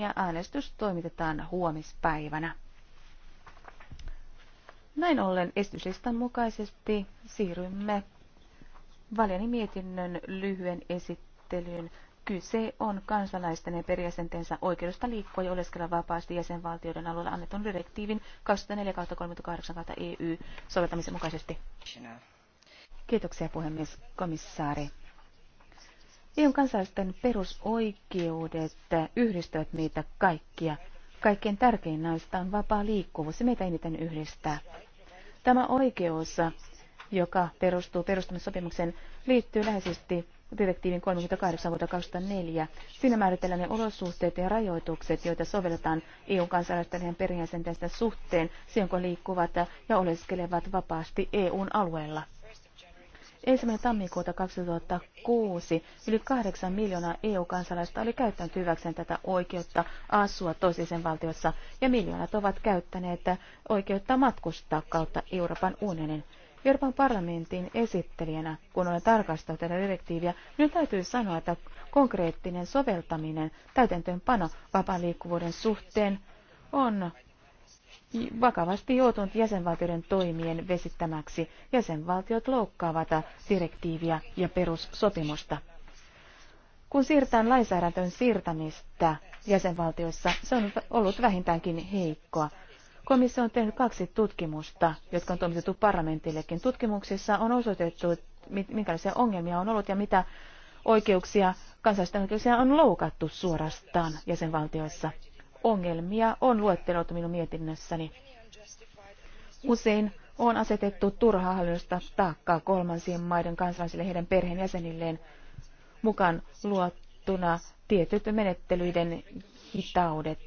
ja äänestys toimitetaan huomispäivänä. Näin ollen esityslistan mukaisesti siirrymme valjani mietinnön lyhyen esittelyyn. Kyse on kansalaisten ja perjäsentensä oikeudesta liikkua ja oleskella vapaasti jäsenvaltioiden alueella annetun direktiivin 24 38 EU soveltamisen mukaisesti. Kiitoksia puhemies komissaari. EUn kansalaisten perusoikeudet yhdistävät meitä kaikkia. Kaikkein tärkein näistä on vapaa liikkuvuus, se meitä eniten yhdistää. Tämä oikeus, joka perustuu perustamissopimukseen, liittyy läheisesti direktiivin 38 vuotta 2004. Siinä määritellään ne olosuhteet ja rajoitukset, joita sovelletaan EUn kansalaisten ja perheenjäsenten suhteen, silloin kun liikkuvat ja oleskelevat vapaasti EUn alueella. 1. tammikuuta 2006 yli 8 miljoonaa EU-kansalaista oli käyttänyt hyväkseen tätä oikeutta asua toisisen valtiossa ja miljoonat ovat käyttäneet oikeutta matkustaa kautta Euroopan unionin. Euroopan parlamentin esittelijänä, kun olen tarkastanut tätä direktiiviä, nyt täytyy sanoa, että konkreettinen soveltaminen, täytäntöönpano vapaan liikkuvuuden suhteen on vakavasti joutunut jäsenvaltioiden toimien vesittämäksi. Jäsenvaltiot loukkaavat direktiiviä ja perussopimusta. Kun siirtään lainsäädäntöön siirtämistä jäsenvaltioissa, se on ollut vähintäänkin heikkoa. Komissio on tehnyt kaksi tutkimusta, jotka on toimitettu parlamentillekin. Tutkimuksissa on osoitettu, minkälaisia ongelmia on ollut ja mitä oikeuksia, kansallisten oikeuksia on loukattu suorastaan jäsenvaltioissa ongelmia on luetteloitu minun mietinnössäni. Usein on asetettu turhaa hallinnosta taakkaa kolmansien maiden kansalaisille heidän perheenjäsenilleen mukaan luottuna tietyt menettelyiden hitaudet.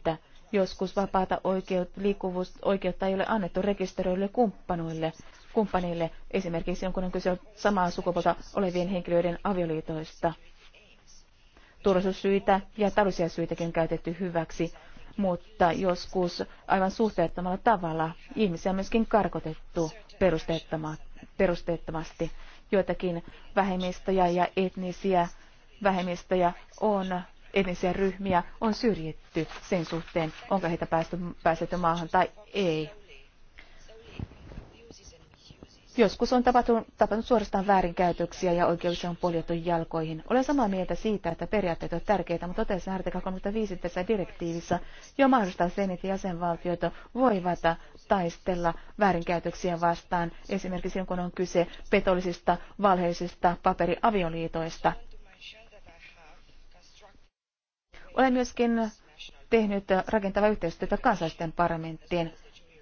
Joskus vapaata oikeut, liikkuvuusoikeutta ei ole annettu rekisteröille kumppanuille, kumppaneille, esimerkiksi kun on kyse samaa sukupuolta olevien henkilöiden avioliitoista. Turvallisuussyitä ja taloudellisia syitäkin on käytetty hyväksi mutta joskus aivan suhteettomalla tavalla ihmisiä on myöskin karkotettu perusteettomasti. Joitakin vähemmistöjä ja etnisiä vähemmistöjä on etnisiä ryhmiä on syrjitty sen suhteen, onko heitä päästy, päästetty maahan tai ei. Joskus on tapahtunut, suorastaan väärinkäytöksiä ja oikeuksia on poljettu jalkoihin. Olen samaa mieltä siitä, että periaatteet ovat tärkeitä, mutta totesin artikla 35 tässä direktiivissä jo mahdollistaa sen, että jäsenvaltiot voivat taistella väärinkäytöksiä vastaan, esimerkiksi kun on kyse petollisista, valheellisista paperiavioliitoista. Olen myöskin tehnyt rakentavaa yhteistyötä kansallisten parlamenttien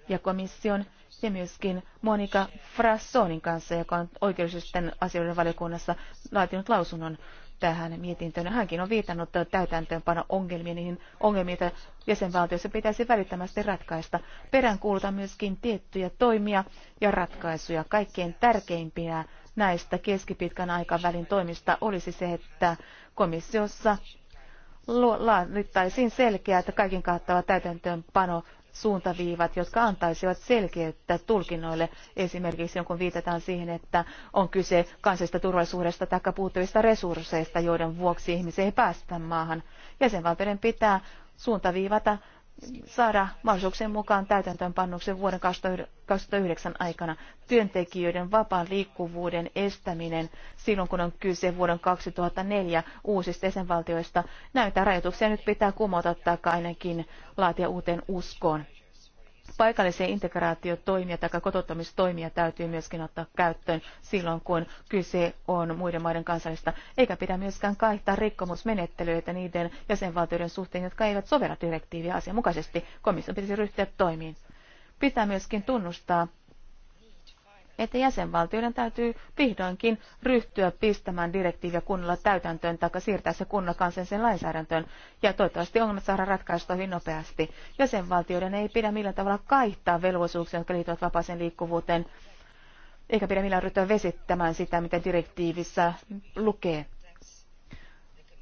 ja komission ja myöskin Monika Frassonin kanssa, joka on oikeudellisten asioiden valiokunnassa laatinut lausunnon tähän mietintöön. Hänkin on viitannut täytäntöönpano ongelmiin, niihin ongelmiin, joita jäsenvaltioissa pitäisi välittömästi ratkaista. Peräänkuulutan myöskin tiettyjä toimia ja ratkaisuja. Kaikkein tärkeimpiä näistä keskipitkän aikavälin toimista olisi se, että komissiossa laadittaisiin selkeä, että kaiken kattava täytäntöönpano suuntaviivat, jotka antaisivat selkeyttä tulkinnoille. Esimerkiksi kun viitataan siihen, että on kyse kansallisesta turvallisuudesta tai puuttuvista resursseista, joiden vuoksi ihmisiä ei päästä maahan. Jäsenvaltioiden pitää suuntaviivata saada mahdollisuuksien mukaan täytäntöönpannuksen vuoden 2009 aikana työntekijöiden vapaan liikkuvuuden estäminen silloin, kun on kyse vuoden 2004 uusista jäsenvaltioista. Näitä rajoituksia nyt pitää kumota tai ainakin laatia uuteen uskoon paikallisia integraatiotoimia tai kotouttamistoimia täytyy myöskin ottaa käyttöön silloin, kun kyse on muiden maiden kansalaisista eikä pidä myöskään kaihtaa rikkomusmenettelyitä niiden jäsenvaltioiden suhteen, jotka eivät sovella direktiiviä asianmukaisesti. Komission pitäisi ryhtyä toimiin. Pitää myöskin tunnustaa että jäsenvaltioiden täytyy vihdoinkin ryhtyä pistämään direktiiviä kunnolla täytäntöön tai siirtää se kunnolla kansalliseen lainsäädäntöön ja toivottavasti ongelmat saadaan ratkaistua hyvin nopeasti. Jäsenvaltioiden ei pidä millään tavalla kaihtaa velvollisuuksia, jotka liittyvät vapaaseen liikkuvuuteen, eikä pidä millään ryhtyä vesittämään sitä, mitä direktiivissä lukee.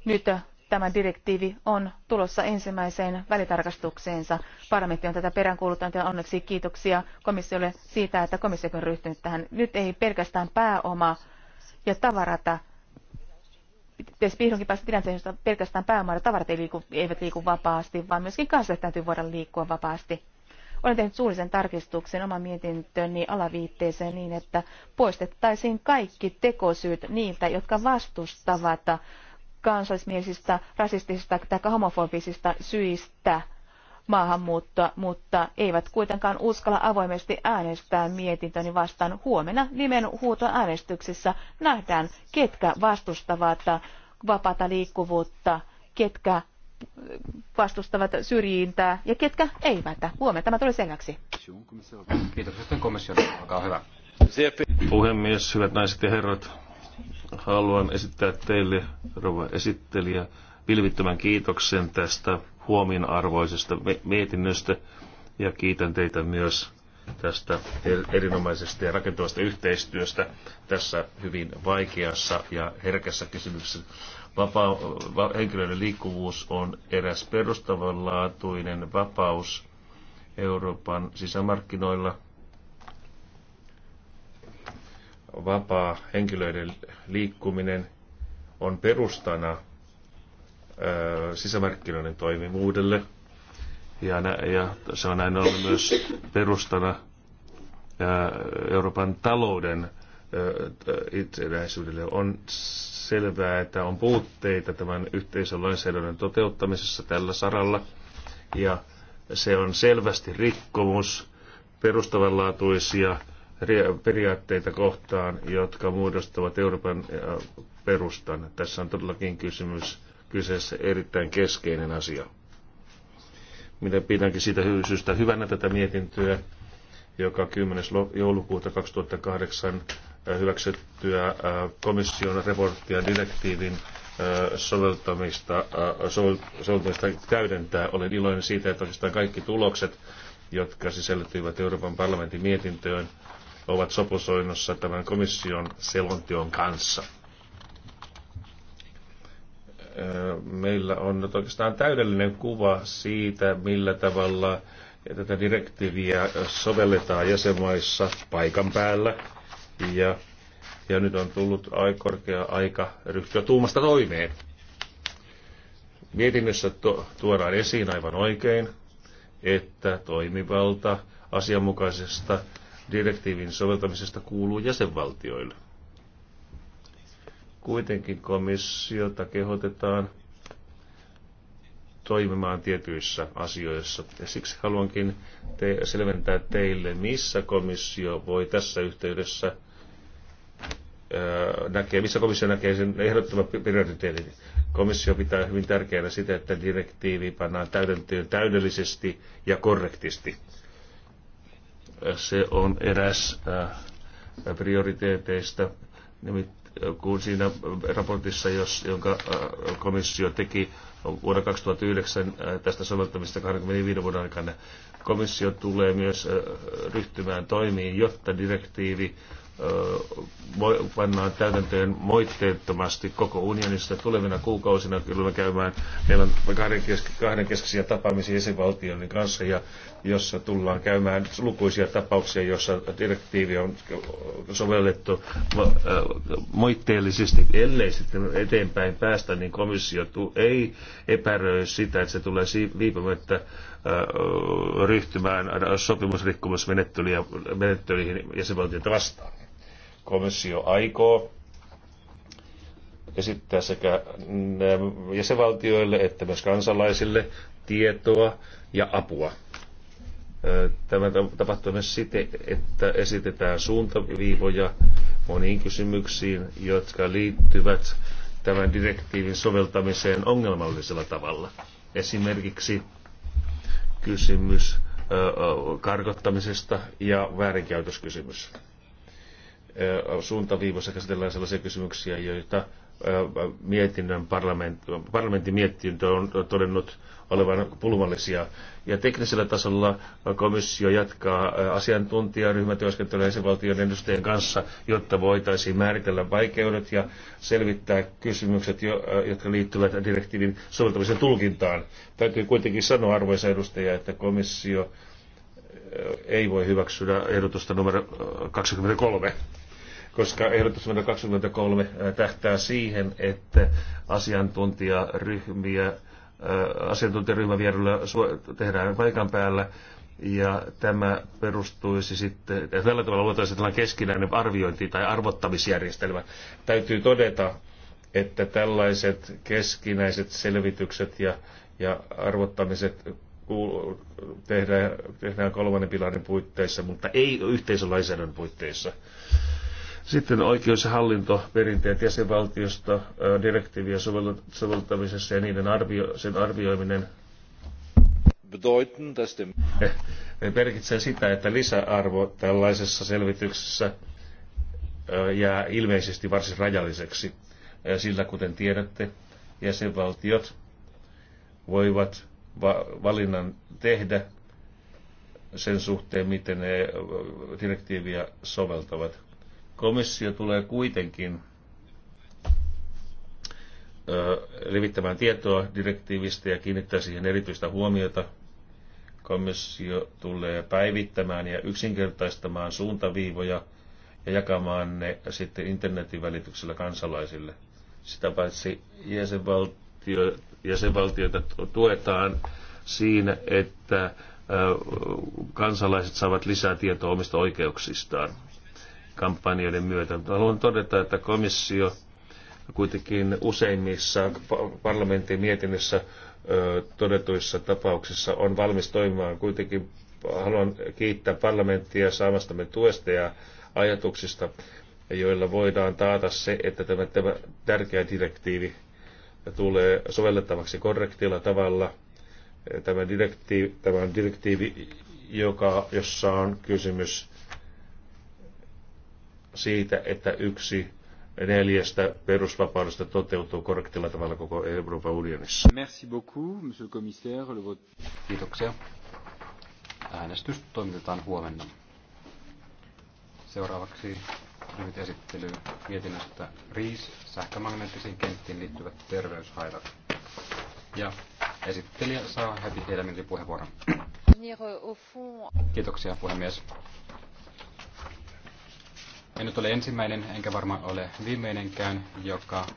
Nyt tämä direktiivi on tulossa ensimmäiseen välitarkastukseensa. Parlamentti on tätä peräänkuuluttanut ja onneksi kiitoksia komissiolle siitä, että komissio on ryhtynyt tähän. Nyt ei pelkästään pääoma ja tavarata pitäisi vihdoinkin päästä tilanteeseen, jossa pelkästään pääomaa ja tavarat ei liiku, eivät liiku vapaasti, vaan myöskin kansalaiset täytyy voida liikkua vapaasti. Olen tehnyt suullisen tarkistuksen oman mietintöni alaviitteeseen niin, että poistettaisiin kaikki tekosyyt niiltä, jotka vastustavat kansallismielisistä, rasistisista tai homofobisista syistä maahanmuuttoa, mutta eivät kuitenkaan uskalla avoimesti äänestää mietintöni vastaan. Huomenna nimenhuutoäänestyksessä nähdään, ketkä vastustavat vapaata liikkuvuutta, ketkä vastustavat syrjintää ja ketkä eivät. Huomenna tämä tulee selväksi. Kiitoksia komission. Olkaa hyvä. Puhemies, hyvät naiset ja herrat haluan esittää teille, rouva esittelijä, vilvittömän kiitoksen tästä huomionarvoisesta mietinnöstä ja kiitän teitä myös tästä er-, erinomaisesta ja rakentavasta yhteistyöstä tässä hyvin vaikeassa ja herkässä kysymyksessä. Vapaa, va, henkilöiden liikkuvuus on eräs perustavanlaatuinen vapaus Euroopan sisämarkkinoilla – vapaa henkilöiden liikkuminen on perustana sisämarkkinoiden toimivuudelle. Ja, ja se on näin ollut myös perustana Euroopan talouden itsenäisyydelle. On selvää, että on puutteita tämän yhteisön lainsäädännön toteuttamisessa tällä saralla. Ja se on selvästi rikkomus perustavanlaatuisia periaatteita kohtaan, jotka muodostavat Euroopan äh, perustan. Tässä on todellakin kysymys kyseessä erittäin keskeinen asia. Minä pidänkin siitä syystä hyvänä tätä mietintöä, joka 10. joulukuuta 2008 äh, hyväksyttyä äh, komission raporttia direktiivin soveltamista, soveltamista täydentää. Olen iloinen siitä, että oikeastaan kaikki tulokset, jotka sisältyivät Euroopan parlamentin mietintöön, ovat sopusoinnossa tämän komission selonteon kanssa. Meillä on nyt oikeastaan täydellinen kuva siitä, millä tavalla tätä direktiiviä sovelletaan jäsenmaissa paikan päällä. Ja, ja nyt on tullut korkea aika ryhtyä tuumasta toimeen. Mietinnössä to, tuodaan esiin aivan oikein, että toimivalta asianmukaisesta direktiivin soveltamisesta kuuluu jäsenvaltioille. Kuitenkin komissiota kehotetaan toimimaan tietyissä asioissa. Ja siksi haluankin te- selventää teille, missä komissio voi tässä yhteydessä näkee, missä komissio näkee sen ehdottoman prioriteetin. Komissio pitää hyvin tärkeänä sitä, että direktiivi pannaan täydellisesti ja korrektisti se on eräs äh, prioriteeteista, kun siinä raportissa, jos, jonka äh, komissio teki vuonna 2009 äh, tästä soveltamista 25 vuoden aikana, komissio tulee myös ryhtymään toimiin, jotta direktiivi pannaan täytäntöön moitteettomasti koko unionissa tulevina kuukausina. Kyllä me käymään, meillä on kahdenkeskisiä tapaamisia jäsenvaltioiden kanssa, ja jossa tullaan käymään lukuisia tapauksia, jossa direktiivi on sovellettu moitteellisesti, ellei sitten eteenpäin päästä, niin komissio ei epäröi sitä, että se tulee viipymättä ryhtymään sopimusrikkomusmenettelyihin jäsenvaltioita vastaan komissio aikoo esittää sekä jäsenvaltioille että myös kansalaisille tietoa ja apua. Tämä tapahtuu myös siten, että esitetään suuntaviivoja moniin kysymyksiin, jotka liittyvät tämän direktiivin soveltamiseen ongelmallisella tavalla. Esimerkiksi kysymys karkottamisesta ja väärinkäytöskysymys suuntaviivoissa käsitellään sellaisia kysymyksiä, joita mietinnön parlament, parlamentin mietintö on todennut olevan pulmallisia. Ja teknisellä tasolla komissio jatkaa asiantuntijaryhmätyöskentelyä jäsenvaltioiden edustajien kanssa, jotta voitaisiin määritellä vaikeudet ja selvittää kysymykset, jotka liittyvät direktiivin soveltamisen tulkintaan. Täytyy kuitenkin sanoa, arvoisa edustaja, että komissio ei voi hyväksyä ehdotusta numero 23 koska ehdotus 23 tähtää siihen, että asiantuntijaryhmiä, asiantuntijaryhmä vierellä tehdään paikan päällä ja tämä perustuisi sitten, ja tällä tavalla luotaisiin tällainen keskinäinen arviointi tai arvottamisjärjestelmä. Täytyy todeta, että tällaiset keskinäiset selvitykset ja, ja arvottamiset tehdään, tehdään kolmannen pilarin puitteissa, mutta ei yhteisölainsäädännön puitteissa. Sitten oikeus- ja hallintoperinteet jäsenvaltiosta, direktiiviä soveltamisessa ja niiden arvio, sen arvioiminen bedeuten, eh, merkitsee sitä, että lisäarvo tällaisessa selvityksessä jää ilmeisesti varsin rajalliseksi, sillä kuten tiedätte, jäsenvaltiot voivat valinnan tehdä sen suhteen, miten ne direktiiviä soveltavat. Komissio tulee kuitenkin levittämään tietoa direktiivistä ja kiinnittää siihen erityistä huomiota. Komissio tulee päivittämään ja yksinkertaistamaan suuntaviivoja ja jakamaan ne sitten internetin välityksellä kansalaisille. Sitä paitsi jäsenvaltio, jäsenvaltioita tuetaan siinä, että kansalaiset saavat lisää tietoa omista oikeuksistaan kampanjoiden myötä. Haluan todeta, että komissio kuitenkin useimmissa parlamentin mietinnössä todetuissa tapauksissa on valmis toimimaan. Kuitenkin haluan kiittää parlamenttia saamastamme tuesta ja ajatuksista, joilla voidaan taata se, että tämä, tämä tärkeä direktiivi tulee sovellettavaksi korrektilla tavalla. Tämä, direktiivi, tämä on direktiivi, joka, jossa on kysymys siitä, että yksi neljästä perusvapaudesta toteutuu korrektilla tavalla koko Euroopan unionissa. Merci beaucoup, monsieur le commissaire. Le vote... Kiitoksia. Äänestys toimitetaan huomenna. Seuraavaksi lyhyt esittely mietinnöstä RIIS, sähkömagneettisiin kenttiin liittyvät terveyshaitat. Ja esittelijä saa heti heidän puheenvuoron. Euh, Kiitoksia puhemies. En nyt ole ensimmäinen, enkä varmaan ole viimeinenkään, joka